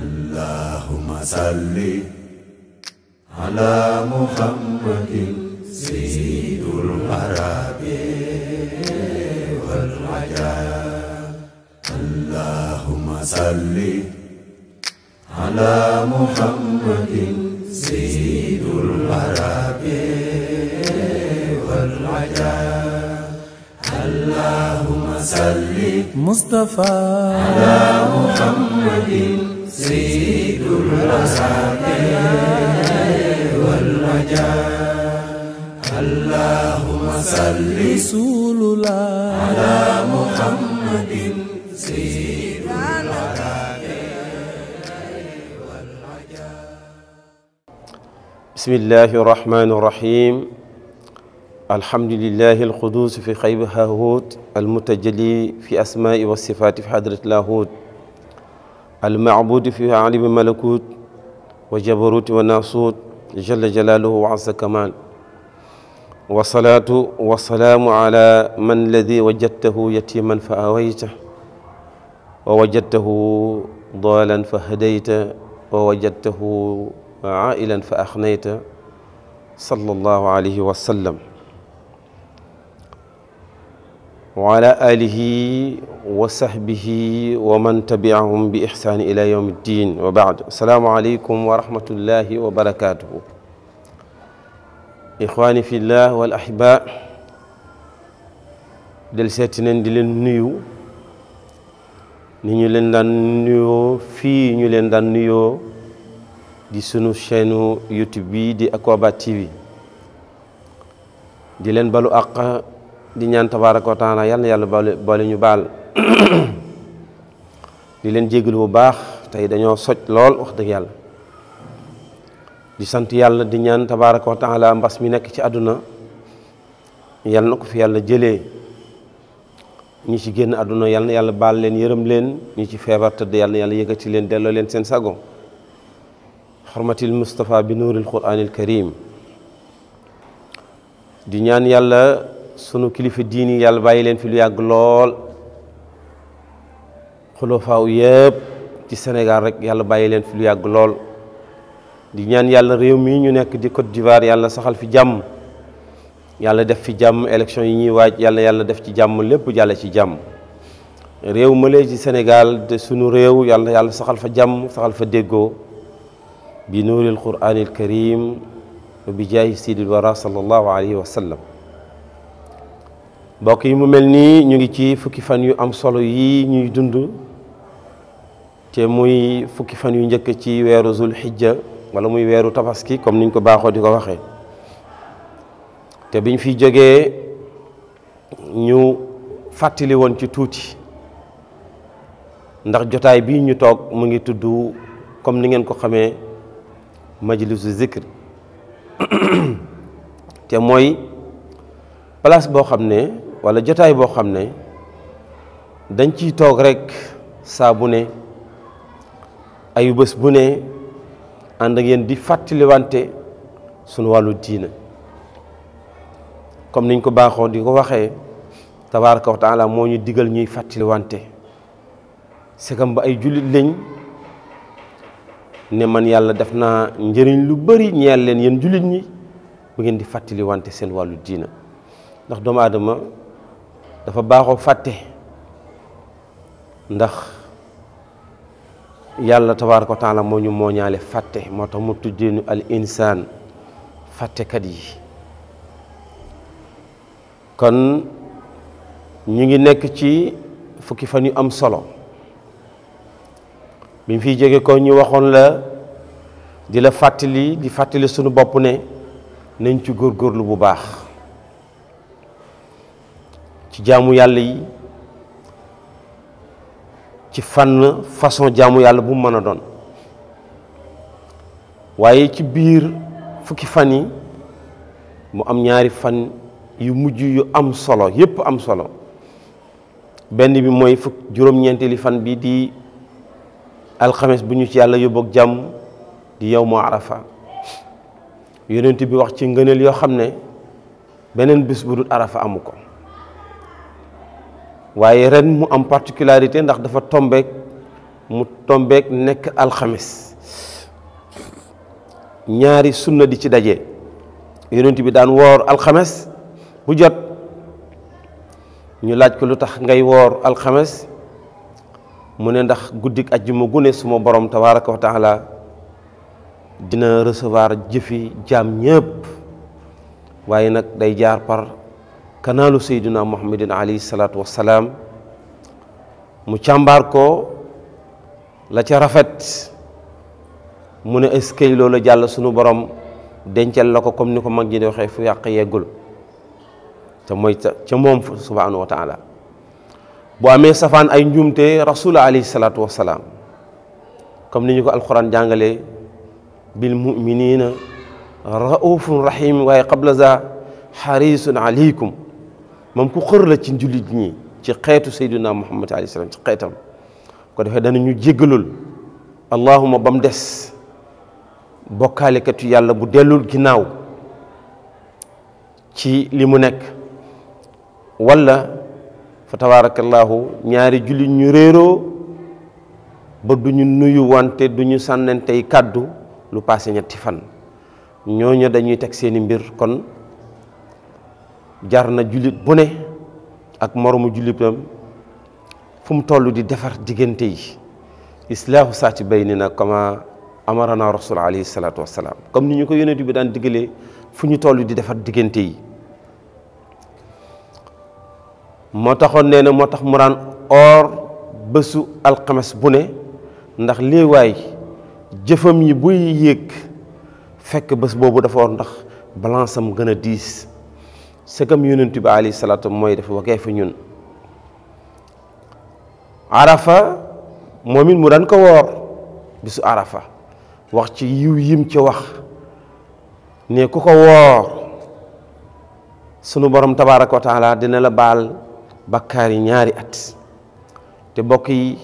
اللهم صل على محمد سيد العرب والعجاب اللهم صل على محمد سيد العرب والعجاب اللهم صل مصطفى على محمد سيد الرسائل والرجاء اللهم صل رسول الله على محمد سيد بسم الله الرحمن الرحيم الحمد لله القدوس في خيب هاهوت المتجلي في أسماء والصفات في حضرة لاهوت المعبود فيها علي بالملكوت وجبروت وناصوت جل جلاله وعز كمال والصلاة والسلام على من الذي وجدته يتيما فآويته ووجدته ضالا فهديته ووجدته عائلا فأخنيته صلى الله عليه وسلم وعلى آله وصحبه ومن تبعهم بإحسان إلى يوم الدين وبعد السلام عليكم ورحمة الله وبركاته إخواني في الله والأحباء دلساتنا ندلن نيو ni ñu leen daan nuyoo fii ñu leen daan nuyoo di sunu chaîne YouTube bi di Akoba TV di leen balu àq di ñaan tabaaraka wa yàlla yal na yàlla boole ñu baal di leen jégalu bu baax tey dañoo soj lool wax dëgg yàlla di sant yàlla di ñaan tabaaraka wa mbas mi nekk ci àdduna yal na ko fi yàlla jëlee ñu ci génn àdduna yal yàlla baal leen yërëm leen ñu ci feebar tëdd yàlla na yàlla ci leen delloo leen seen sago xormatil Moustapha bi nuuril Quraanil Karim di ñaan yàlla. sunu kilifa diini yàlla bàyyi leen fi lu yàgg lool xulofaaw yëpp ci Sénégal rek yàlla bàyyi leen fi lu yàgg lool di ñaan yàlla réew mi ñu nekk di Côte d'Ivoire yàlla saxal fi jàmm yàlla def fi jàmm élection yi ñuy waaj yàlla yàlla def ci jàmm lépp jàlla ci jàmm réew lay ci Sénégal de sunu réew yàlla yàlla saxal fa jàmm saxal fa déggoo bi nuuril quraanil karim wa bi jaahi sidil wara sallallahu alayhi wa sallam mbokk yi mu mel nii ñu ngi ci fukki fan yu am solo yii ñuy dund te muy fukki fan yu njëkk ci weeru zul xijja wala muy weeru tabaski comme ni niñ ko baaxoo di ko waxee te biñ fi jógee ñu fàttali woon ci tuuti ndax jotaay bii ñu toog mu ngi tudd comme ni ngeen ko xamee majlisu zikr te mooy place boo xam ne wala jotaay boo xam ne dañ ci toog rekk saa bu ne ayu bés bu ne ànd ak yéen di wante sunu wàllu diina comme niñ ko baaxoo di ko waxee tabaaraka wa taala moo ñu digal ñuy fàttaliwante wante ba ay jullit lañ ne man yàlla def naa njëriñ lu bari ñeel leen yéen jullit ñi bu ngeen di fàttaliwante seen wàllu diina ndax doomu aadama dafa baaxoo fàtte ndax yàlla tabaaraka wa moo ñu mooñaale fàtte moo tax mu tuddee ñu al insaan fàttekat yi kon ñu ngi nekk ci fukki fan yu am solo bi mu fiy jóge ko ñu waxoon la di la fàttali di fàttali sunu bopp ne nañ ci góor góorlu bu baax ci jaamu yàlla yi ci fànn façon jaamu yàlla bu mu mën a doon waaye ci biir fukki fan yi mu am ñaari fan yu mujj yu am solo yépp am solo benn bi mooy fukk juróom-ñeenteeli fan bi di alxemes bu ñu ci yàlla yóbbu ak jàmm di yow yawmu arafa yonent bi wax ci ngëneel yoo xam ne beneen bés bu dul arafa amu ko waaye ren mu am particularité ndax dafa tombeek mu tombeek nekk alxemes ñaari sunna di ci daje yonent bi daan woor alxames bu jot ñu laaj ko lu tax ngay woor alxames mu ne ndax guddik ajjuma gune suma borom tabaaraka wa la dina recevoir jëfi jaam ñëpp waaye nag day jaar par kanaalu sayduna muhammadin alayhi salaatu wassalaam mu càmbaar ko la ca rafet mu ne eskay loola jàll sunu borom dencal la ko comme ni ko mag ñi di waxee fu yàq yeggul te mooy ca moom bu amee safaan ay njuumte rasul alayhi salaatu wassalaam comme ni ñu ko alquran jàngalee bil muminina raufun rahim waaye qabla za xarisun aleykum moom ku xër la ci jullit ñi ci xeetu sayduna muhammad alayhi salaam ci xeetam ko defee ñu jéggalul allahuma ba mu des bokkaalekatu yàlla bu dellul ginnaaw ci li mu nekk wala fa tabaarakallaahu ñaari jullit ñu réeroo ba du ñu nuyu wante du ñu sànnantey kàddu lu paase ñetti fan ñooñu dañuy teg seeni mbir kon جارنا na بوني bu ne ak moromu jullitam fu mu toll di defar diggante yi islaahu saati baynina kama amarana rasul alayhi salaatu wasalaam comme ni ñu ko yonent bi daan diggalee fu ñu toll di defar diggante yi moo taxoon nee na tax mu or bésu ndax yi buy yéeg fekk bés bobu dafa war ndax balance am gën sëgam yunun bi Ali salatu moy dafa waxe fa ñun arafa momin mu dan ko wor bisu arafa wax ci yiw yim ci wax ne ku ko wor sunu borom tabaaraku taala dina la bal bakari ñaari at te bokk yi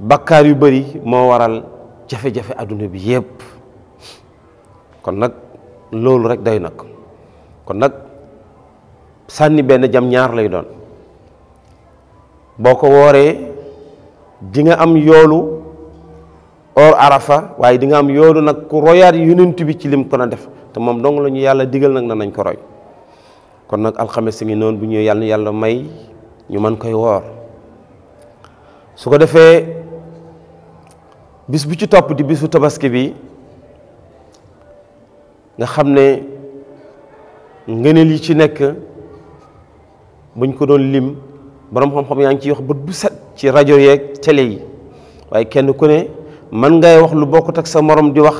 bakkar yu bari mo waral jafe-jafe aduna bi yépp kon nak rek day nak kon nak sanni ben jam ñaar lay doon boko woré di nga am yoolu or arafa waye di nga am yoolu nak ku royaat yonent bi ci lim ko na def te mom dong lañu yalla digal nañ ko roy kon al khamis ngi non bu ñu yalla yalla may ñu man koy wor su ko bis bu ci top di bisu tabaski bi nga xamné ne ngëneel yi ci nek buñ ko doon lim boroom xam-xam yaa ngi ciy wax bët bu set ci rajo yeeg télé yi waaye kenn ku ne man ngay wax lu bokkut ak sa moroom di wax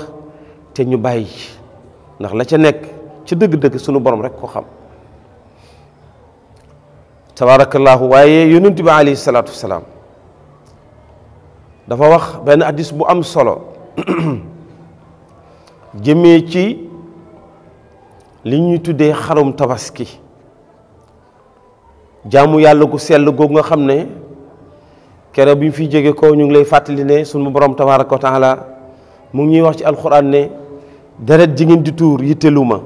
te ñu bàyyi ndax la ca nekk ci dëgg-dëgg sunu borom rek ko xam tabaarakallaahu waaye yonent bi alayhi salaatu wasalaam dafa wax benn addis bu am solo jëmee ci li ñuy tuddee xarum tabaski jaamu yàlla gu sell googu nga xam ne kere bi ñu fiy jóge ko ñu ngi lay fàttali ne sunu borom tabaaraka wa taala mu ngi ñuy wax ci alxuraan ne deret jigéen di tuur yittelu ma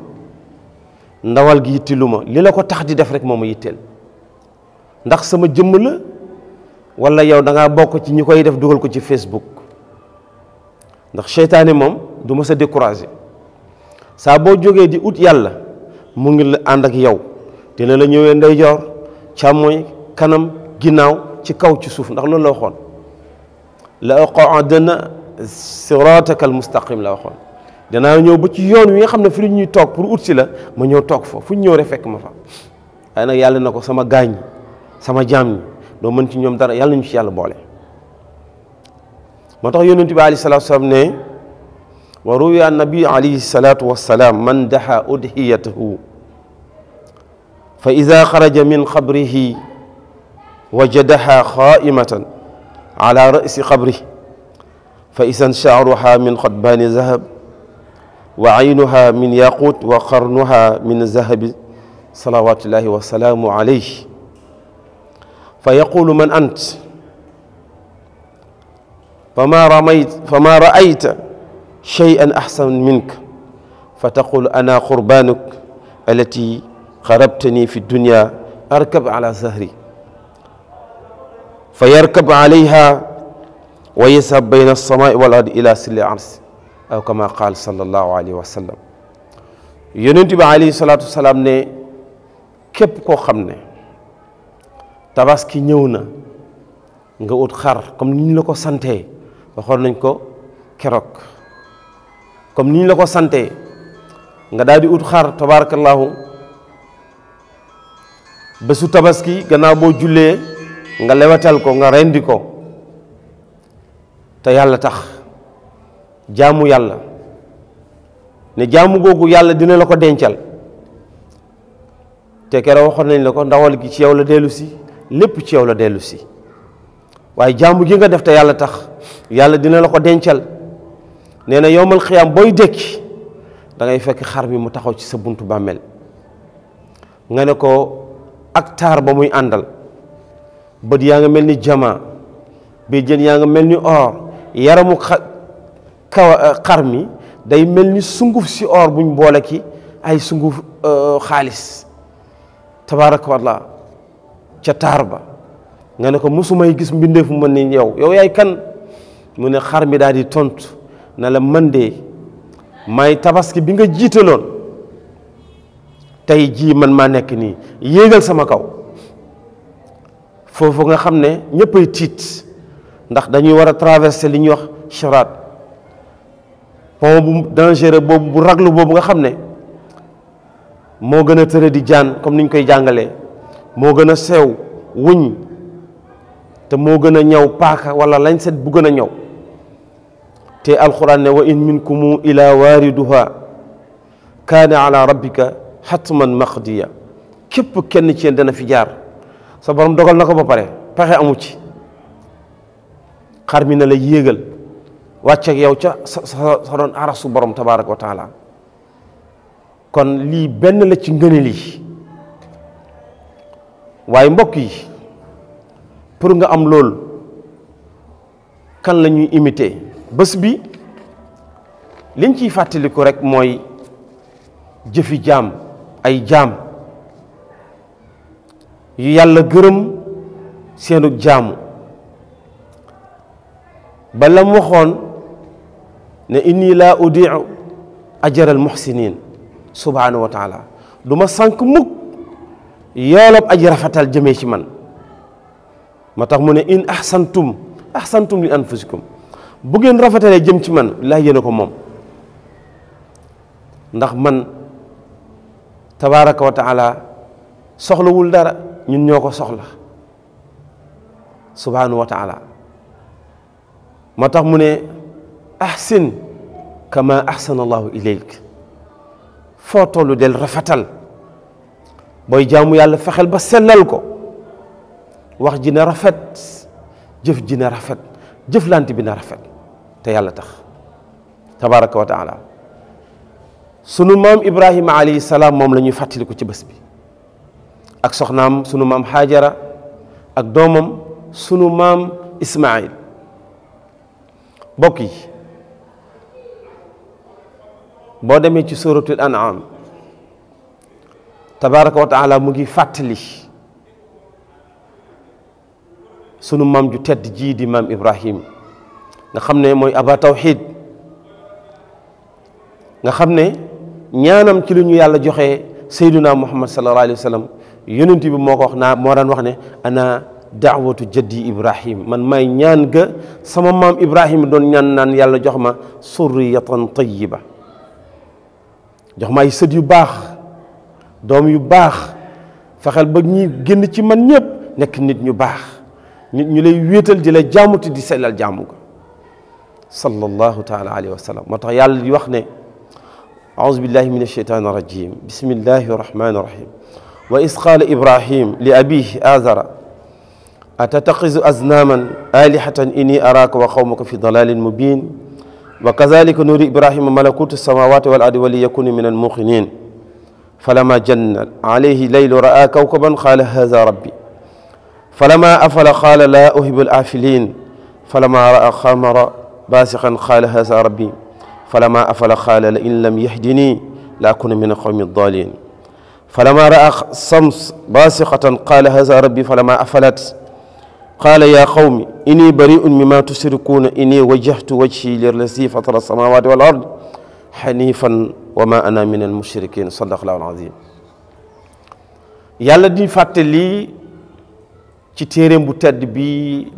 ndawal gi yittelu ma li la ko tax di def rek moo ma yitteel ndax sama jëmm la walla yow da bokk ci ñi koy def dugal ko ci Facebook ndax seytaane moom du ma sa découragé saa boo jógee di ut yàlla mu ngi la ànd ak yow te la ñëwee ndeyjoor chamoy kanam ginaaw ci kaw ci suuf ndax loolu la waxoon la aqaadana siratak al mustaqim la waxoon danaa ñëw ba ci yoon wi nga xam ne fi lu ñuy toog pour ut si la ma ñëw toog fa fu ñëw rek fekk ma fa waaye nag yàlla na ko sama gaañ sama jaam ñi doo mën ci ñoom dara yàlla ñu ci yàlla boole moo tax yonent bi aleyhi salaatu salaam ne wa ruya an nabi aleyhi salaatu wassalaam man daxa udhiyatahu فإذا خرج من قبره وجدها خائمة على رأس قبره فإذا شعرها من قضبان ذهب وعينها من ياقوت وقرنها من ذهب صلوات الله وسلامه عليه فيقول من أنت فما رميت فما رأيت شيئا أحسن منك فتقول أنا قربانك التي خربتني في الدنيا أركب على زهري فيركب عليها ويذهب بين السماء والأرض إلى سل العرس أو كما قال صلى الله عليه وسلم يننتب عليه الصلاة والسلام ني كيب كو خمني تباسكي نيونا nga ut xar comme niñ la ko santé waxon nañ ko kérok comme niñ la ko santé nga daldi ut bésu tabaski gannaaw boo jullee nga lewatal ko nga rendi ko te yàlla tax jaamu yàlla ne jaamu googu yàlla dina la ko dencal te keroog waxoon nañ la ko ndawal gi ci yow la dellu si lépp ci yow la dellusi waaye jaamu gi nga def te yàlla tax yàlla dina la ko dencal nee na yowmal xiyaam booy dekki dangay fekk xar mi mu taxaw ci sa buntu bàmmeel nga ne ko ak taar ba muy àndal bët yaa nga mel ni jamaa bi jën yaa nga mel ni or yaramu kaw euh, xar mi day mel ni sunguf si or buñ boole ki ay sunguf euh, xaalis tabaaraka wallah ca taar ba nga ne ko mosumay gis mbindeef mu mën ni yow yow yaay kan mu ne xar mi daal di tontu na la man de may tabaski bi nga jiitaloon tey jii man maa nekk nii yéegal sama kaw foofu nga xam ne ñëppay tiit ndax dañuy war a traverser li ñuy wax Sirat pont bu dangereux boobu bu raglu boobu nga xam ne moo gën a tëre di jaan comme niñ koy jàngalee moo gën a sew wuñ te moo gën a ñaw paaka wala lañ set bu gën a ñaw te alxuraan ne wa in minkumu ila waariduha kaana ala rabbika xatman maqdiya képp kenn ci yéen dana fi jaar sa borom dogal na ko ba pare pexe amu ci xar mi na la yéegal wàcc yow ca sa sa doon arasu borom tabaaraka wa taala kon lii benn la ci ngëneel yi waaye mbokk yi pour nga am loolu kan la ñuy imité bés bi liñ ciy fàttaliku rek mooy jëfi jaam ay jaam yu yàlla gërëm seenug jaamu ba waxoon ne inni laa udiu ajaral muhsinin subhanahu wa taala du ma sànq mukk yoolob aji rafetal jëmee ci man ma tax mu ne in ahsantum ahsantum li anfusikum bu ngeen rafetalee jëm ci man laa yéene ko moom ndax man tabaraka wa taala soxlawul dara ñun ñoo ko soxla subhanahu wa taala moo tax mu ne ahsin kama ahsana allahu ilayk foo tollu del rafetal booy jaamu yàlla fexeel ba sellal ko wax ji na rafet jëf ji na rafet jëflante bi na rafet te yàlla tax tabaraka wa taala sunu mam ibrahim alayhi salam mom la ñuy fàttaliku ci bëss bi ak soxnam sunu mam hajara ak domam sunu mam ismail bokki bo demé ci suratul an'am tabaarak wa taala mu ngi fatali sunu mam ju tedd ji di mam ibrahim nga xamné moy aba tawhid nga xamné ñaanam ci luñu yàlla joxe sayyiduna muhammad sallallahu alayhi wasallam sallam yonent bi moo ko wax naa moo daan wax ne ana daawatu jaddi ibrahim man may ñaan ga sama maam ibrahim doon ñaan naan yàlla jox ma surriyatan tayiba jox ma ay sët yu baax doom yu baax fexeel ba ñi génn ci man ñëpp nekk nit ñu baax nit ñu lay wéetal di la jaamuti di sellal jaamu ga sallallahu taala alayhi wa sallam moo tax yàlla di wax ne أعوذ بالله من الشيطان الرجيم بسم الله الرحمن الرحيم وإذ قال إبراهيم لأبيه آذر أتتخذ أزناما آلهة إني أراك وقومك في ضلال مبين وكذلك نور إبراهيم ملكوت السماوات والأرض وليكون من الموقنين فلما جن عليه ليل رأى كوكبا قال هذا ربي فلما أفل قال لا أهب الآفلين فلما رأى خمر باسخا قال هذا ربي فلما أفل خال إن لم يهدني لأكون من قوم الضالين فلما رأى الشمس باسقة قال هذا ربي فلما أفلت قال يا قوم إني بريء مما تشركون إني وجهت وجهي للذي فطر السماوات والأرض حنيفا وما أنا من المشركين صدق الله العظيم يا الذي fàttali ci téeréem bu tedd bi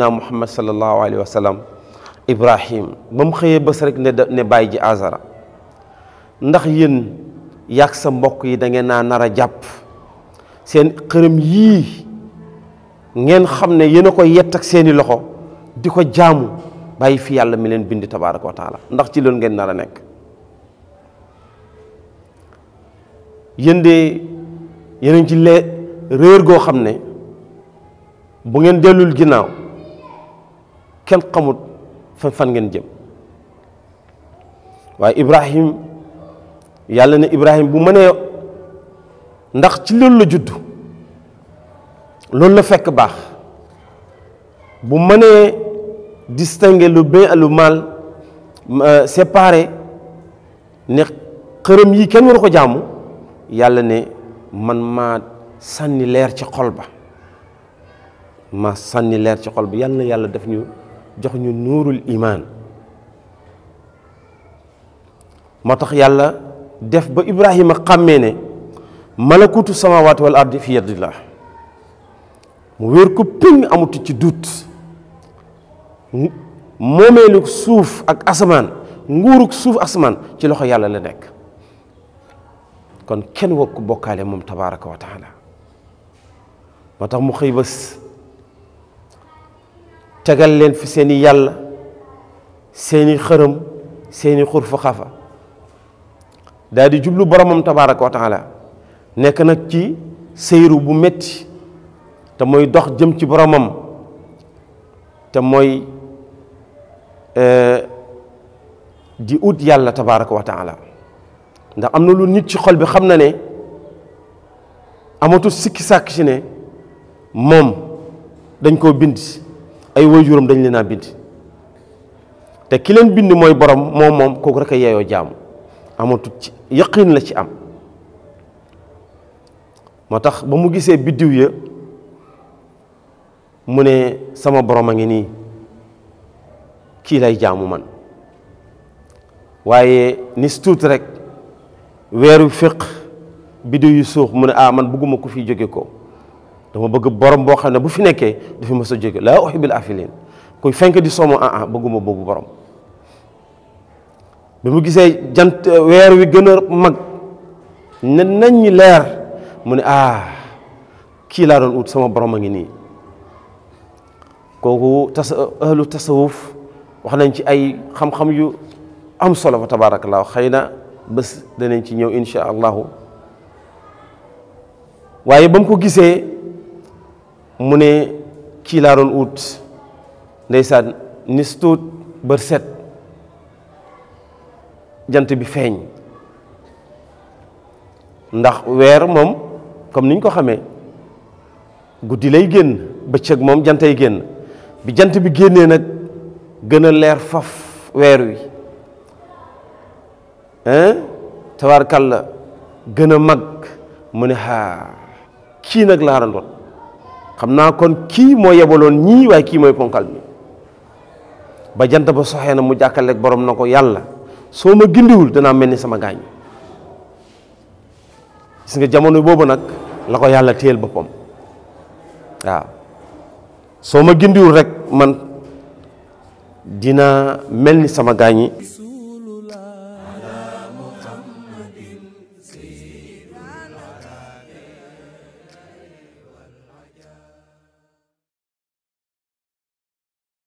محمد صلى الله عليه وسلم Ibrahim ba mu xëyee ba rek ne ne bàyyi ji azara ndax yéen yàq sa mbokk yi dangeen naa nar a jàpp seen xërëm yii ngeen xam ne yéen a ko yett ak seeni loxo di ko jaamu bàyyi fi yàlla mi leen bind tabaaraka wa ndax ci loolu ngeen nar a nekk yéen de yéen ci lee réer goo xam ne bu ngeen dellul ginnaaw kenn xamut fan ngeen jëm waaye Ibrahim yàlla ne Ibrahim bu mënee ndax ci loolu la judd loolu la fekk baax bu mënee distinguer le bien et le mal euh, séparer ne xërëm yi kenn waru ko jaamu yàlla ne man maa sànni leer ci xol ba maa sànni leer ci xol ba yàlla na yàlla def ñu jox ñu nuurul imaan moo tax yàlla def ba ibrahima xàmmee ne malakutu samawaati wal ardi fi yadillah mu wér ko ping amutu ci duut moomeelu suuf ak asamaan nguuruk suuf asamaan ci loxo yàlla la nekk kon kenn war ko bokkaale moom tabaraka wa taala moo tax mu xëy bés tegal leen fi seeni yàlla seeni xërëm seeni xurfa xafa daal di jublu boromam tabaaraka wa taala nekk nag ci sëyru bu metti te mooy dox jëm ci boromam te mooy di ut yàlla tabaaraka wa taala ndax am na lu nit ci xol bi xam na ne amatul sikki sàkk ci ne moom dañ koo bind ay waajuram dañ leen a bind te ki leen bind mooy borom moom moom kooku rek a yeeyoo jaamu amatut ci yaqin la ci am moo tax ba mu gisee biddiw ya mu ne sama borom a ngi nii kii lay jaamu man waaye nis tuut rek weeru féq biddiw yu suux mu ne ah man bëgguma ku fi jóge ko dama bëgg borom boo xam ne bu fi nekkee du fi mës a jóge laa uhibbul afilin kuy fenk di somo ah ah bëgguma boobu borom bi mu gisee jant weer wi gën a mag ne nañ ñi leer mu ne ah kii laa doon ut sama borom a ngi nii kooku tas ahlu tasawuf wax nañ ci ay xam-xam yu am solo fa tabaarakallaahu xëy na bés danañ ci ñëw insha allahu waaye ba mu ko gisee mu ne kii laa doon ut ndeysaan nis tuut bër set jant bi feeñ ndax weer moom comme niñ ko xamee guddi lay génn bëccëg moom jantay génn bi jant bi génnee nag gën a leer faf weer wi la gën a mag mu ne xaa kii nag laa doon xam naa kon kii moo yebaloon ñii waaye kii mooy ponkal mi ba jant ba soxee na mu jàkkaleeg boroom na ko yàlla soo ma gindiwul danaa mel ni sama gaañ gis nga jamono boobu nag la ko yàlla téyel boppam waaw soo ma gindiwul rek man dina mel ni sama gaañi